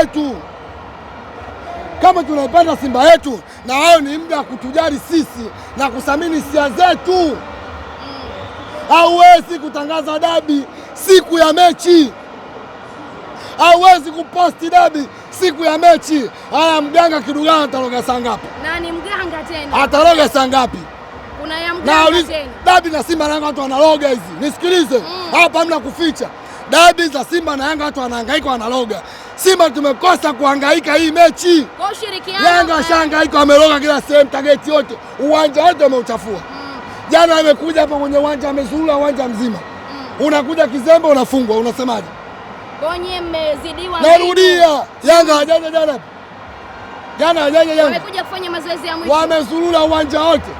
yetu, kama tunaipenda Simba yetu, na hayo ni muda wa kutujali sisi na kuthamini hisia zetu. Hauwezi kutangaza dabi siku ya mechi, hauwezi kuposti dabi siku ya mechi. Haya, mganga kidugana ataroga saa ngapi? Nani mganga tena, ataroga saa ngapi? Dabi na Simba nanga watu wanaroga hizi, nisikilize mm. hapa, mm. hamna kuficha dabi za Simba na Yanga watu wanahangaika wanaloga. Simba tumekosa kuhangaika hii mechi. Kwa ushirikiano Yanga washahangaika wameloga kila sehemu, tageti yote, uwanja wote wameuchafua. Mm. Jana amekuja hapa kwenye uwanja amezuru uwanja mzima. Mm. Unakuja kizembe unafungwa, unasemaje? Bonye mmezidiwa. Narudia, Yanga hajaja jana. Jana hajaja jana. Wamekuja kufanya mazoezi ya mwisho. Wamezurura uwanja wote.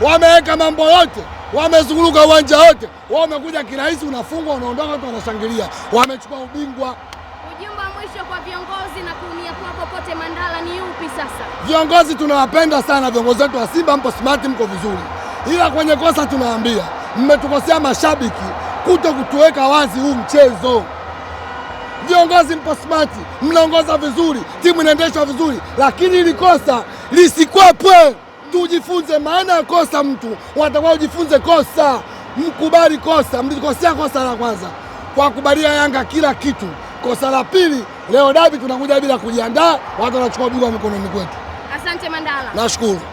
Wameweka mambo yote wamezunguruka uwanja wote, wamekuja kirahisi, unafungwa unaondoka, watu wanashangilia, wamechukua ubingwa. Ujumbe mwisho kwa viongozi na kuumia kwa popote Mandala ni upi sasa? Viongozi tunawapenda sana, viongozi wetu wa Simba mpo smart, mko vizuri, ila kwenye kosa tunawaambia mmetukosea mashabiki kuto kutuweka wazi huu mchezo. Viongozi mpo smart, mnaongoza vizuri, timu inaendeshwa vizuri, lakini ili kosa lisikwepwe tujifunze maana ya kosa. Mtu watakuwa ujifunze kosa, mkubali kosa. Mlikosea kosa la kwanza kwa kubalia Yanga kila kitu, kosa la pili leo dabi tunakuja bila kujiandaa, watu wanachukua ubingwa mikononi kwetu. Asante Mandala, nashukuru.